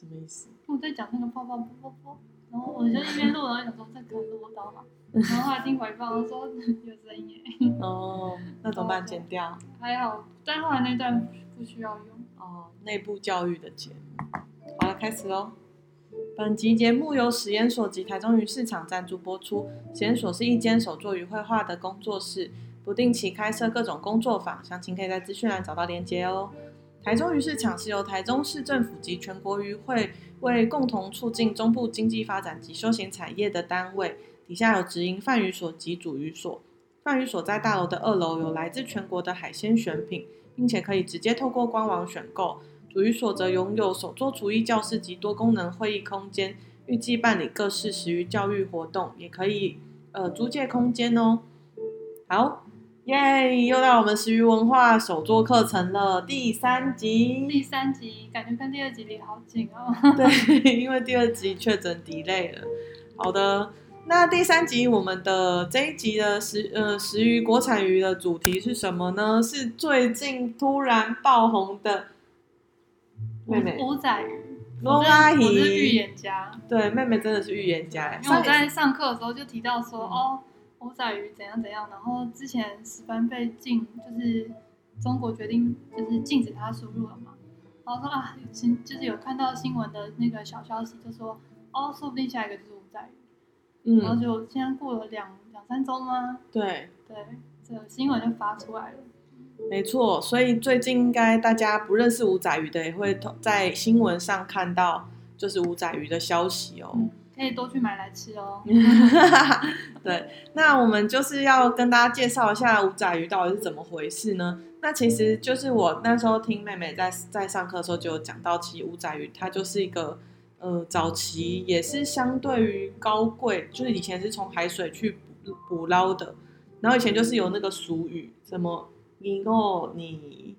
什麼意思？我在講那個泡泡啵，啵啵啵，然後我就一邊錄，然後想說這可能是我刀，然後我還聽回放說有聲音耶哦，那怎麼辦？Okay, 剪掉？還好，但後來那段不需要用。哦，內部教育的節目好了，開始嘍。本集節目由拾研所及台中魚市場贊助播出。拾研所是一間手作與繪畫的工作室，不定期開設各種工作坊，詳情可以在資訊欄找到連結哦。台中魚市場是由台中市政府及全國漁會為共同促進中部經濟發展及休閒產業的單位，底下有直營販魚所及煮魚所。販魚所在大樓的二樓有來自全國的海鮮選品，並且可以直接透過官網選購。煮魚所則擁有手作廚藝教室及多功能會議空間，預計辦理各式食魚教育活動，也可以呃租借空間哦。好。耶！Yeah, 又到我們食魚文化手作課程了第三集。第三集感覺跟第二集離好近哦。對，因為第二集確診 delay 了。好的，那第三集我們的這一集的食呃食魚國產魚的主題是什麼呢？是最近突然爆紅的妹妹午仔魚龍阿姨，我是預言家。言家。對，妹妹真的是預言家，因為我在上課的時候就提到說、嗯、哦。午仔魚怎樣怎樣？然後之前石斑被禁，就是中國決定就是禁止它輸入了嘛。然後說啊，就是有看到新聞的那個小消息，就說哦，說不定下一個就是午仔魚。嗯。然後就現在過了兩兩三周嗎？對對，這個新聞就發出來了。沒錯，所以最近應該大家不認識午仔魚的，也會在新聞上看到就是午仔魚的消息哦。嗯可以多去買來吃哦、喔。 對，那我們就是要跟大家介紹一下午仔魚到底是怎麼回事呢？那其實就是我那時候聽妹妹在在上課的時候就有講到，其實午仔魚它就是一個呃，早期也是相對於高貴，就是以前是從海水去捕捕撈的，然後以前就是有那個俗語什麼你哦你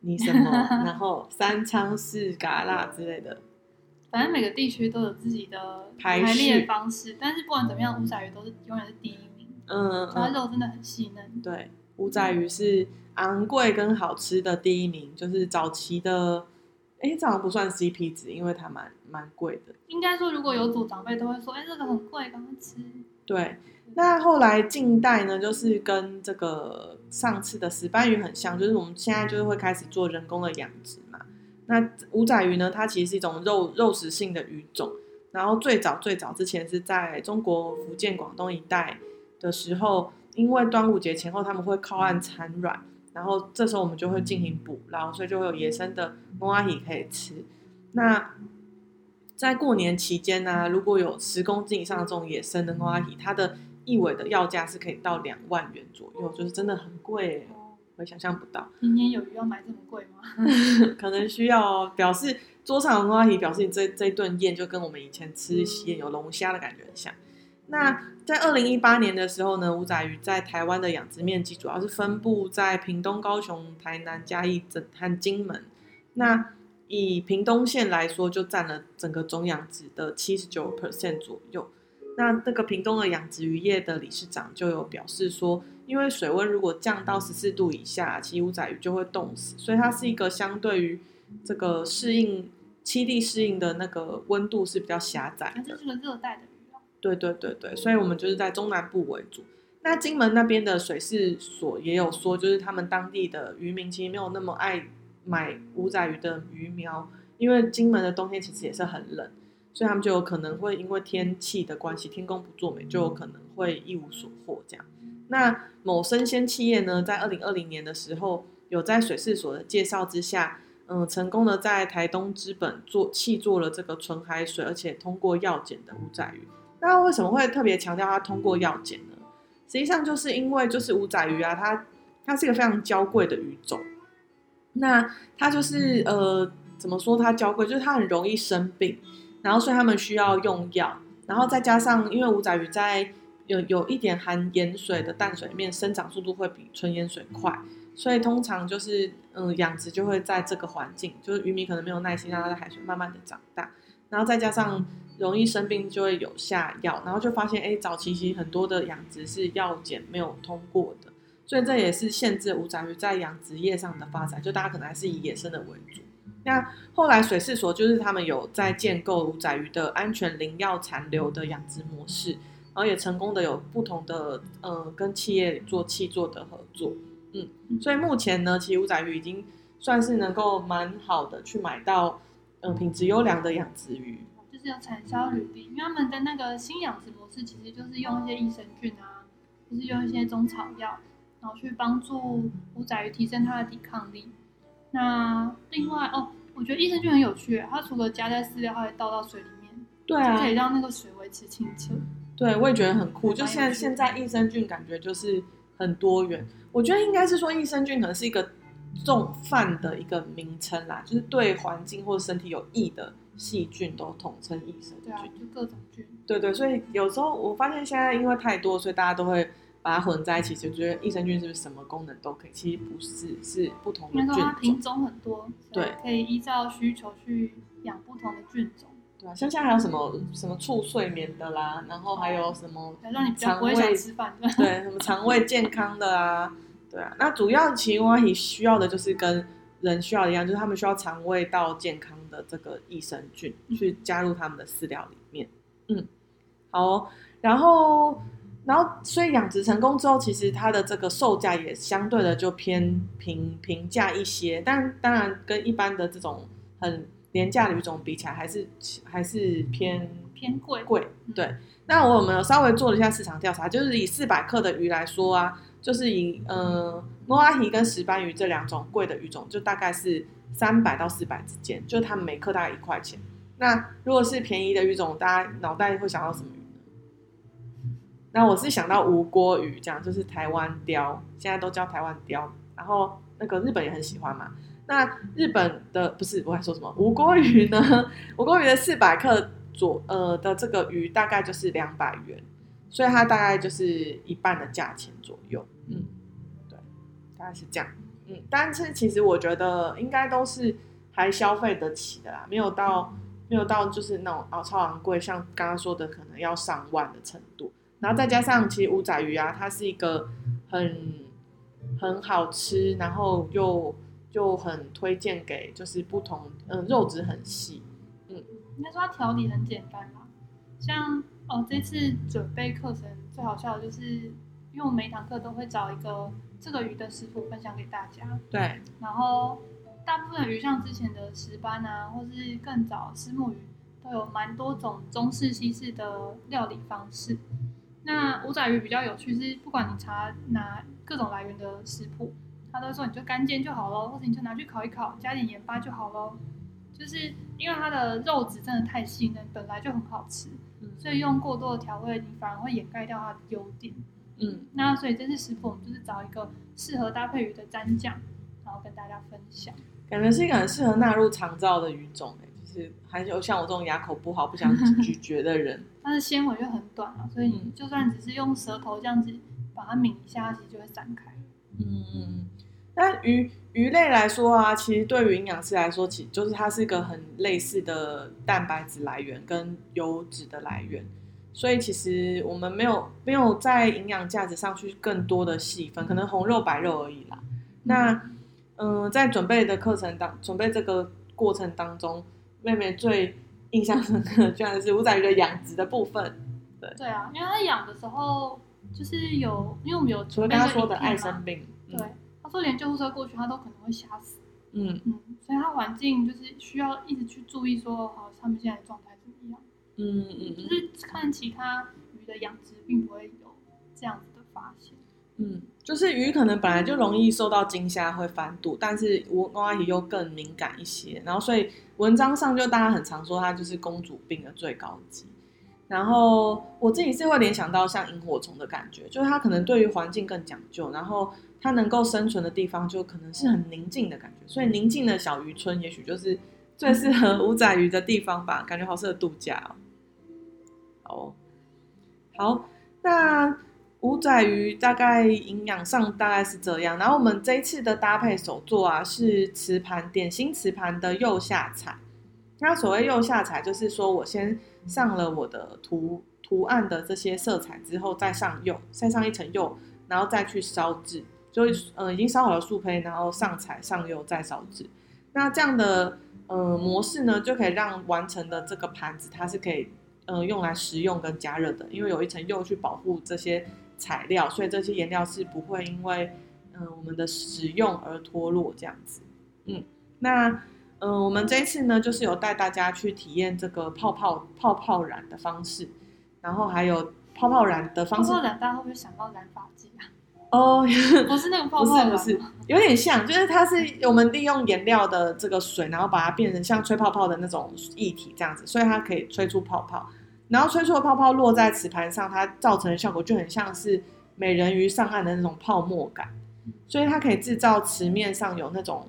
你什麼，什麼 然後三鯧四馬加之類的。反正每個地區都有自己的排列方式，序但是不管怎麼樣，午仔魚都是永遠是第一名。嗯，它、嗯、的肉真的很細嫩。對，午仔魚是昂貴跟好吃的第一名，嗯、就是早期的，哎、欸，這好像不算 CP 值，因為它蠻蠻貴的。應該說，如果有組長輩都會說，哎、欸，這個很貴，趕快吃。對，那後來近代呢，就是跟這個上次的石斑魚很像，就是我們現在就是會開始做人工的養殖。那午仔魚呢？它其實是一種肉肉食性的魚種，然後最早最早之前是在中國福建、廣東一帶的時候，因為端午節前後他們會靠岸產卵，然後這時候我們就會進行捕撈，然後所以就會有野生的諾阿體可以吃。那在過年期間呢、啊，如果有十公斤以上的這種野生的諾阿體，它的一尾的要價是可以到兩萬元左右，就是真的很貴、欸。會想象不到，明年有魚要買這麼貴嗎？ 可能需要、哦、表示桌上的話題，表示你這這頓宴就跟我們以前吃喜宴有龍蝦的感覺很像。嗯、那在二零一八年的時候呢，午仔魚在台灣的養殖面積主要是分布在屏東、高雄、台南、嘉義整灘、金門。那以屏東縣來說，就占了整個總養殖的七十九%左右。那這個屏東的養殖漁業的理事長就有表示說。因為水溫如果降到十四度以下，其實午仔魚就會凍死，所以它是一個相對於這個適應棲地適應的那個溫度是比較狹窄，它還、啊就是一個熱帶的魚哦、啊。對對對對，所以我們就是在中南部為主。那金門那邊的水試所也有說，就是他們當地的漁民其實沒有那麼愛買午仔魚的魚苗，因為金門的冬天其實也是很冷，所以他們就有可能會因為天氣的關係，天公不作美，就有可能會一無所獲這樣。那某生鮮企業呢，在二零二零年的時候，有在水試所的介紹之下，嗯、呃，成功的在台東資本做棄做了這個純海水，而且通過藥檢的午仔魚。嗯、那為什麼會特別強調它通過藥檢呢？嗯、實際上就是因為就是午仔魚啊，它它是一個非常嬌貴的魚種。那它就是、嗯、呃，怎麼說它嬌貴？就是它很容易生病，然後所以他們需要用藥，然後再加上因為午仔魚在。有有一點含鹽水的淡水面生長速度會比純鹽水快，所以通常就是嗯養殖就會在這個環境，就是漁民可能沒有耐心讓它在海水慢慢的長大，然後再加上容易生病就會有下藥，然後就發現誒，早期其實很多的養殖是藥檢沒有通過的，所以這也是限制午仔魚在養殖業上的發展，就大家可能還是以野生的為主。那後來水試所就是他們有在建構午仔魚的安全零藥殘留的養殖模式。然後也成功的有不同的，呃跟企業做契作的合作，嗯，所以目前呢，其實午仔魚已經算是能夠蠻好的去買到，嗯、呃，品質優良的養殖魚，就是有產銷履歷，對因為他們的那個新養殖模式其實就是用一些益生菌啊，哦、就是用一些中草藥，然後去幫助午仔魚提升它的抵抗力。那另外哦，我覺得益生菌很有趣，它除了加在飼料，它會倒到水裡面，對啊，就可以讓那個水維持清澈。對，我也覺得很酷。就現在，現在益生菌感覺就是很多元。我覺得應該是說，益生菌可能是一個重泛的一個名稱啦，就是對環境或者身體有益的細菌都統稱益生菌。對啊，就各種菌。對，對對，所以有時候我發現現在因為太多，所以大家都會把它混在一起。就覺得益生菌是不是什麼功能都可以？其實不是，是不同的菌種。品種很多，對，可以依照需求去養不同的菌種。對啊，像現在還有什麼什麼促睡眠的啦，然後還有什麼腸胃對什麼腸胃健康的啦、啊，對啊。那主要其實你需要的就是跟人需要的一樣，就是他們需要腸胃到健康的這個益生菌、嗯、去加入他們的飼料裡面。嗯，好。然後，然後，所以養殖成功之後，其實它的這個售價也相對的就偏平平價一些。但當然，跟一般的這種很。廉價的魚種比起來還是還是偏偏貴貴，對。那我們稍微做了一下市場調查，就是以四百克的魚來說啊，就是以嗯、莫、呃、拉提跟石斑魚這兩種貴的魚種，就大概是三百到四百之間，就是它們每克大概一塊錢。那如果是便宜的魚種，大家腦袋會想到什麼魚呢？那我是想到吳郭魚這樣，就是台灣鯛，現在都叫台灣鯛，然後那個日本也很喜歡嘛。那日本的不是我還說什麼？無鍋魚呢？無鍋魚的四百克左，呃、的這個魚大概就是兩百元，所以它大概就是一半的價錢左右。嗯，對，大概是這樣。嗯，但是其實我覺得應該都是還消費得起的啦，沒有到沒有到就是那種啊、哦、超昂貴，像剛剛說的可能要上萬的程度。然後再加上其實午仔魚啊，它是一個很很好吃，然後又。就很推薦給就是不同，嗯，肉質很細，嗯，應該說它調理很簡單吧？像哦，這次準備課程最好笑的就是，因為我每一堂課都會找一個這個魚的食譜分享給大家。對，然後大部分魚像之前的石斑啊，或是更早的虱目魚，都有蠻多種中式、西式的料理方式。那午仔魚比較有趣，是不管你查哪各種來源的食譜，他都說你就乾煎就好了，或者你就拿去烤一烤，加點鹽巴就好了。就是因為它的肉質真的太細嫩，本來就很好吃，嗯、所以用過多的調味，你反而會掩蓋掉它的優點。嗯，那所以這次食譜我們就是找一個適合搭配魚的蘸醬，然後跟大家分享。感覺是一個很適合納入腸道的魚種哎、欸，就是還有像我這種牙口不好、不想咀嚼的人，但是纖維就很短啊，所以你就算只是用舌頭這樣子把它抿一下，它其實就會展開。嗯嗯嗯。嗯那魚魚類來說啊，其實對於營養師來說，其實就是它是一個很類似的蛋白質來源跟油脂的來源，所以其實我們沒有沒有在營養價值上去更多的細分，可能紅肉白肉而已啦。嗯那嗯、呃，在準備的課程當準備這個過程當中，妹妹最印象深刻的居然是午仔魚的養殖的部分。對對啊，因為它養的時候就是有，因為我們有，除了剛剛說的愛生病，對。他說連救護車過去，它都可能會嚇死。嗯嗯，所以它環境就是需要一直去注意說，說好他們現在狀態怎麼樣。嗯嗯，就是看其他魚的養殖，並不會有這樣子的發現。嗯，嗯就是魚可能本來就容易受到驚嚇會翻肚，但是我公阿姨又更敏感一些，然後所以文章上就大家很常說它就是公主病的最高級。然後我自己是會聯想到像螢火蟲的感覺，就是它可能對於環境更講究，然後。它能夠生存的地方就可能是很寧靜的感覺，所以寧靜的小漁村也許就是最適合午仔魚的地方吧，感覺好適合度假哦，好。好，那午仔魚大概營養上大概是這樣，然後我們這次的搭配手作啊是瓷盤，點心、瓷盤的釉下彩。那所謂釉下彩就是說，我先上了我的圖圖案的這些色彩之後，再上釉，再上一層釉，然後再去燒制。所以，呃已經燒好了素胚，然後上彩、上釉再燒製。那這樣的，呃模式呢，就可以讓完成的這個盤子，它是可以，呃用來食用跟加熱的，因為有一層釉去保護這些材料，所以這些顏料是不會因為，嗯、呃，我們的使用而脫落這樣子。嗯，那，嗯、呃，我們這一次呢，就是有帶大家去體驗這個泡泡泡泡染的方式，然後還有泡泡染的方式。泡泡染大家會不會想到染髮？哦，oh, yeah. 不是那個泡泡不是，不是，有點像，就是它是我們利用顏料的這個水，然後把它變成像吹泡泡的那種液體這樣子，所以它可以吹出泡泡，然後吹出的泡泡落在瓷盤上，它造成的效果就很像是美人魚上岸的那種泡沫感，所以它可以制造瓷面上有那種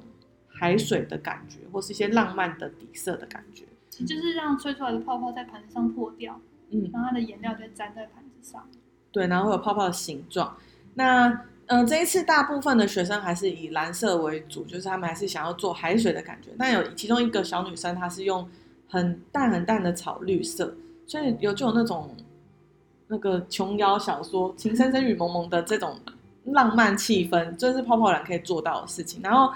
海水的感覺，或是一些浪漫的底色的感覺，就是讓吹出來的泡泡在盤子上破掉，嗯，讓它的顏料就粘在盤子上，對，然後會有泡泡的形狀。那嗯、呃，這一次大部分的學生還是以藍色為主，就是他們還是想要做海水的感覺。但有其中一個小女生，她是用很淡很淡的草綠色，所以有就有那種那個瓊瑤小說《情深深雨濛濛》的這種浪漫氣氛，這，就是泡泡染可以做到的事情。然後，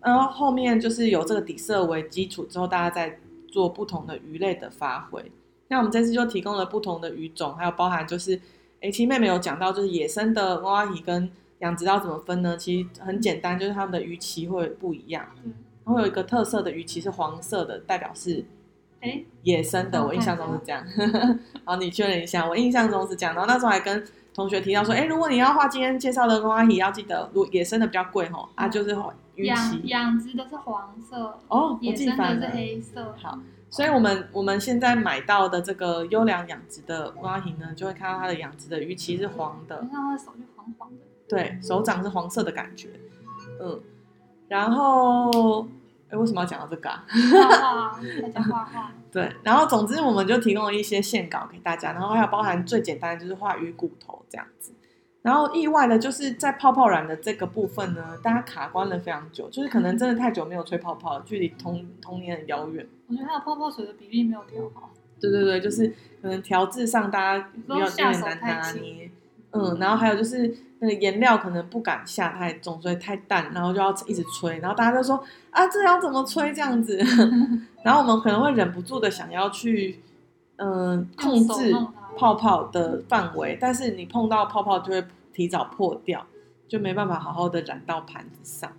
然後後面就是有這個底色為基礎之後，大家再做不同的魚類的發揮。那我們這次就提供了不同的魚種，還有包含就是。欸、其實妹妹有講到，就是野生的午仔魚跟養殖要怎麼分呢？其實很簡單，就是它們的魚鰭會不一樣。嗯，然後有一個特色的魚鰭是黃色的，代表是野生的。欸、我印象中是這樣。 好，你確認一下，我印象中是這樣。然後那時候還跟同學提到說，欸、如果你要畫今天介紹的午仔魚，要記得，如野生的比較貴吼啊，就是魚鰭。養殖的是黃色。哦，我記得是黑色。好。所以，我們我們現在買到的這個優良養殖的午仔魚呢，就會看到它的養殖的魚鰭是黃的，它的手就黃黃的，嗯嗯嗯、對，手掌是黃色的感覺，嗯,嗯,嗯，然後，哎、欸，為什麼要講到這個啊？哈 畫、啊，大家畫畫， 對，然後總之我們就提供了一些線稿給大家，然後還有包含最簡單的就是畫魚骨頭這樣子。然後意外的就是在泡泡染的這個部分呢，大家卡關了非常久，就是可能真的太久沒有吹泡泡，距離童童年很遙遠。我覺得它的泡泡水的比例沒有調好。對對對，就是可能調製上大家比較有點難拿捏。嗯，然後還有就是那個顏料可能不敢下太重，所以太淡，然後就要一直吹，然後大家就說啊，這要怎麼吹這樣子？ 然後我們可能會忍不住的想要去嗯、呃、控制。泡泡的範圍，但是你碰到泡泡就會提早破掉，就沒辦法好好的染到盤子上。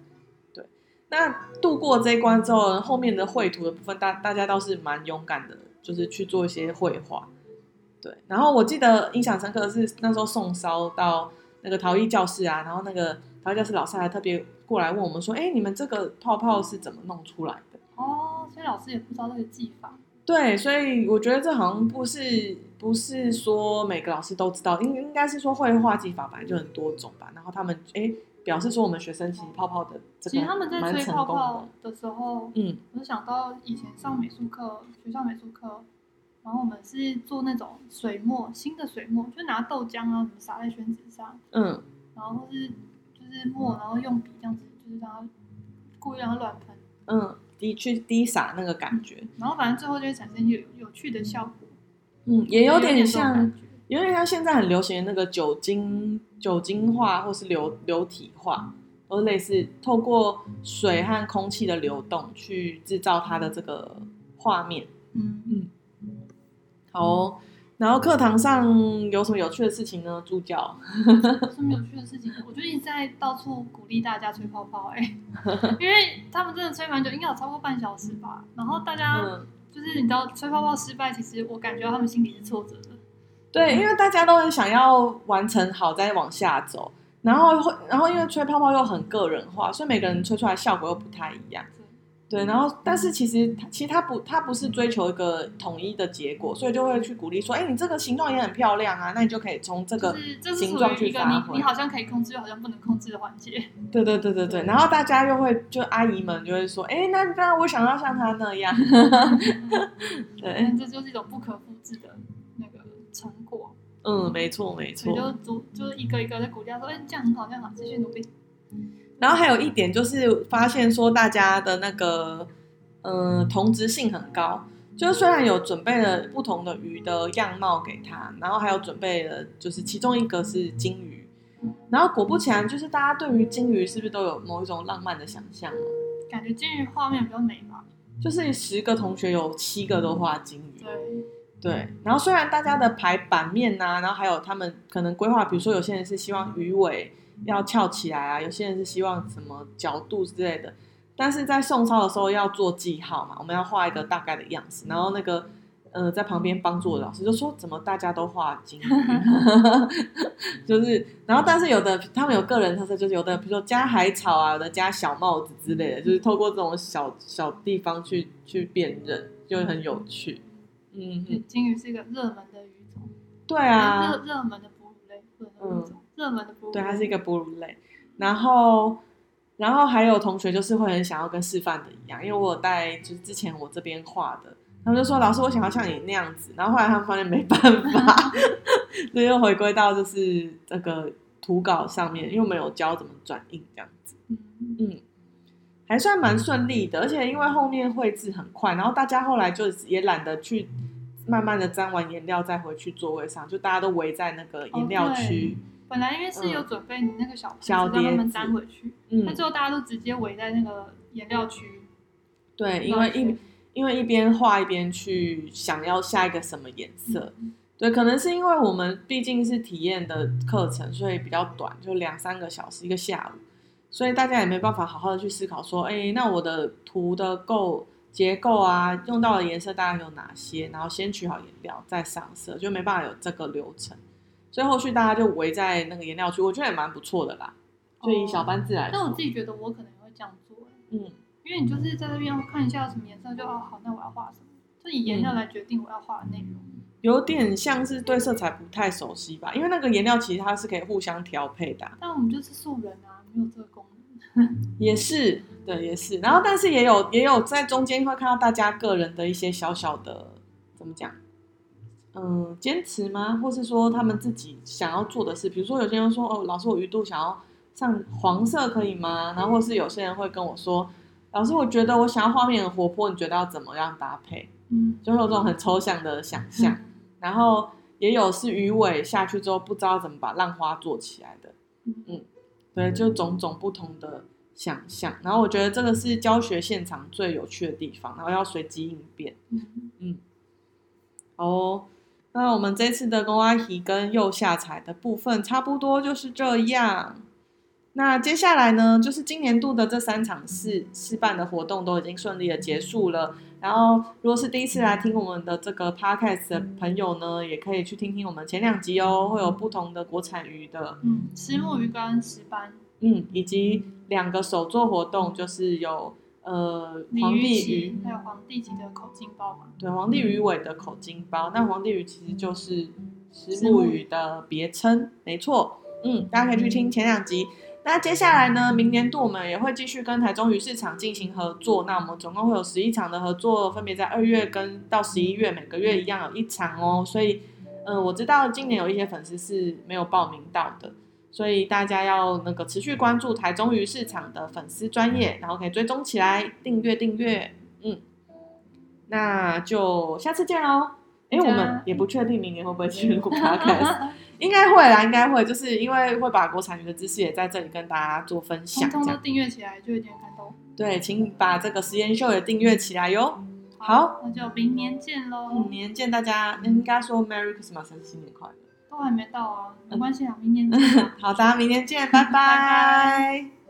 對，那度過這一關之後，後面的繪圖的部分，大家大家倒是蠻勇敢的，就是去做一些繪畫。對，然後我記得印象深刻的是那時候送燒到那個陶藝教室啊，然後那個陶藝教室老師還特別過來問我們說：“哎、欸，你們這個泡泡是怎麼弄出來的？”哦，所以老師也不知道那個技法。對，所以我覺得這好像不是不是說每個老師都知道，應應該是說繪畫技法本來就很多種吧。然後他們哎、欸，表示說我們學生其實泡泡的、的，其實他們在吹泡泡的時候，嗯，我就想到以前上美術課，學校美術課，然後我們是做那種水墨，新的水墨就拿豆漿啊什麼撒在宣紙上，嗯，然後是就是墨，然後用筆這樣子，就是然後故意讓它亂噴，嗯。滴去滴灑那個感覺、嗯，然後反正最後就會產生有有趣的效果。嗯，也有點像，有點像現在很流行的那個酒精酒精畫，或是流流體畫，都類似透過水和空氣的流動去製造它的這個畫面。嗯嗯，嗯好。然後課堂上有什麼有趣的事情呢？助教，什麼有趣的事情？我最近在到處鼓勵大家吹泡泡、欸，哎，因為他們真的吹蠻久，應該有超過半小時吧。然後大家、嗯、就是你知道吹泡泡失敗，其實我感覺他們心裡是挫折的。對，因為大家都很想要完成好再往下走，然後會然後因為吹泡泡又很個人化，所以每個人吹出來效果又不太一樣。對，然後但是其實它其實它不它不是追求一個統一的結果，所以就會去鼓勵說，哎，你這個形狀也很漂亮啊，那你就可以從這個形狀去發揮。這是屬於一個你，你好像可以控制，又好像不能控制的環節。對對對對對，然後大家又會就阿姨們就會說，哎，那那我想要像他那樣。 對，這就是一種不可複製的那個成果。嗯，沒錯沒錯，就逐就是一個一個在鼓勵說，哎，這樣很好，這樣好，像好，繼續努力。嗯然後還有一點就是發現說大家的那個，呃，同質性很高。就是、雖然有準備了不同的魚的樣貌給他，然後還有準備了，就是其中一個是金魚。然後果不其然，就是大家對於金魚是不是都有某一種浪漫的想象？感覺金魚畫面比較美吧。就是十個同學有七個都畫金魚。對對。然後雖然大家的排版面啊，然後還有他們可能規劃，比如說有些人是希望魚尾。要翹起來啊，有些人是希望什麼角度之類的，但是在送燒的時候要做記號嘛，我們要畫一個大概的樣子。然後那個呃，在旁邊幫助的老師就說：“怎麼大家都畫金魚？” 就是，然後但是有的他們有個人特色，就是有的比如說加海草啊，有的加小帽子之類的，嗯、就是透過這種小小地方去去辨認，就很有趣。嗯，金魚是一個熱門的魚種，對啊，熱熱門的哺乳類或熱門的對，它是一個哺乳類。然後，然後還有同學就是會很想要跟示範的一樣，因為我有帶就是之前我這邊畫的，他們就說，老師我想要像你那樣子。然後後來他們發現沒辦法，所以 又回歸到就是這個圖稿上面，又沒有教怎麼轉印這樣子。嗯，還算蠻順利的，而且因為後面繪製很快，然後大家後來就也懶得去慢慢的沾完顏料再回去座位上，就大家都圍在那個顏料區。Okay. 本來因為是有準備你那個小碟讓、嗯、他們粘回去，那最、嗯、後大家都直接圍在那個顏料區。對因，因為一因為一邊畫一邊去想要下一個什麼顏色，嗯嗯對，可能是因為我們畢竟是體驗的課程，所以比較短，就兩三個小時一個下午，所以大家也沒辦法好好的去思考說，哎、欸，那我的圖的構結構啊，用到的顏色大概有哪些，然後先取好顏料再上色，就沒辦法有這個流程。所以後續大家就圍在那個顏料區，我覺得也蠻不錯的啦。就、哦、以小班自然。但我自己覺得我可能會這樣做、欸，嗯，因為你就是在那邊看一下什麼顏色，就哦好，那我要畫什麼，就以顏料來決定我要畫的內容。有點像是對色彩不太熟悉吧？因為那個顏料其實它是可以互相調配的、啊。但我們就是素人啊，沒有這個功能。 也是，對，也是。然後，但是也有也有在中間會看到大家個人的一些小小的，怎麼講？嗯，堅持嗎？或是說他們自己想要做的事？比如說，有些人說：“哦，老師，我魚肚想要上黃色可以嗎？”然後，或是有些人會跟我說：“嗯、老師，我覺得我想要畫面很活潑，你覺得要怎麼樣搭配？”嗯，就會有這種很抽象的想象。嗯、然後，也有是魚尾下去之後不知道怎麼把浪花做起來的。嗯，對，就種種不同的想象。然後，我覺得這個是教學現場最有趣的地方。然後要隨機應變。嗯，哦、嗯。Oh, 那我們這次的公瓦鰭跟右下彩的部分差不多就是這樣。那接下來呢，就是今年度的這三場試試辦的活動都已經順利的結束了。然後，如果是第一次來聽我們的這個 podcast 的朋友呢，也可以去聽聽我們前兩集哦，會有不同的國產魚的，嗯，虱目魚跟石斑，嗯，以及兩個手作活動，就是有。呃，皇帝魚還有皇帝級的口金包嗎？對，皇帝魚尾的口金包。嗯、那皇帝魚其實就是石目魚的別稱，嗎沒錯。嗯，大家可以去聽前兩集。那接下來呢，明年度我們也會繼續跟台中魚市場進行合作。那我們總共會有十一場的合作，分別在二月跟到十一月，每個月一樣有一場哦。所以，呃，我知道今年有一些粉絲是沒有報名到的。所以大家要那個持續關注台中魚市場的粉絲專頁，然後可以追蹤起來，訂閱訂閱，嗯，那就下次見嘍。哎、欸，嗯、我們也不確定明年會不會去錄 podcast， 應該會啦，應該會，就是因為會把國產魚的知識也在這裡跟大家做分享，這樣訂閱起來就有點感動。對，請把這個拾研秀也訂閱起來喲、嗯。好，好那就明年見嘍、嗯，明年見大家。應該說，Merry Christmas，新年快樂。還沒到啊，沒關係啊，嗯、明天見。 好的，明天見，拜拜。拜拜拜拜。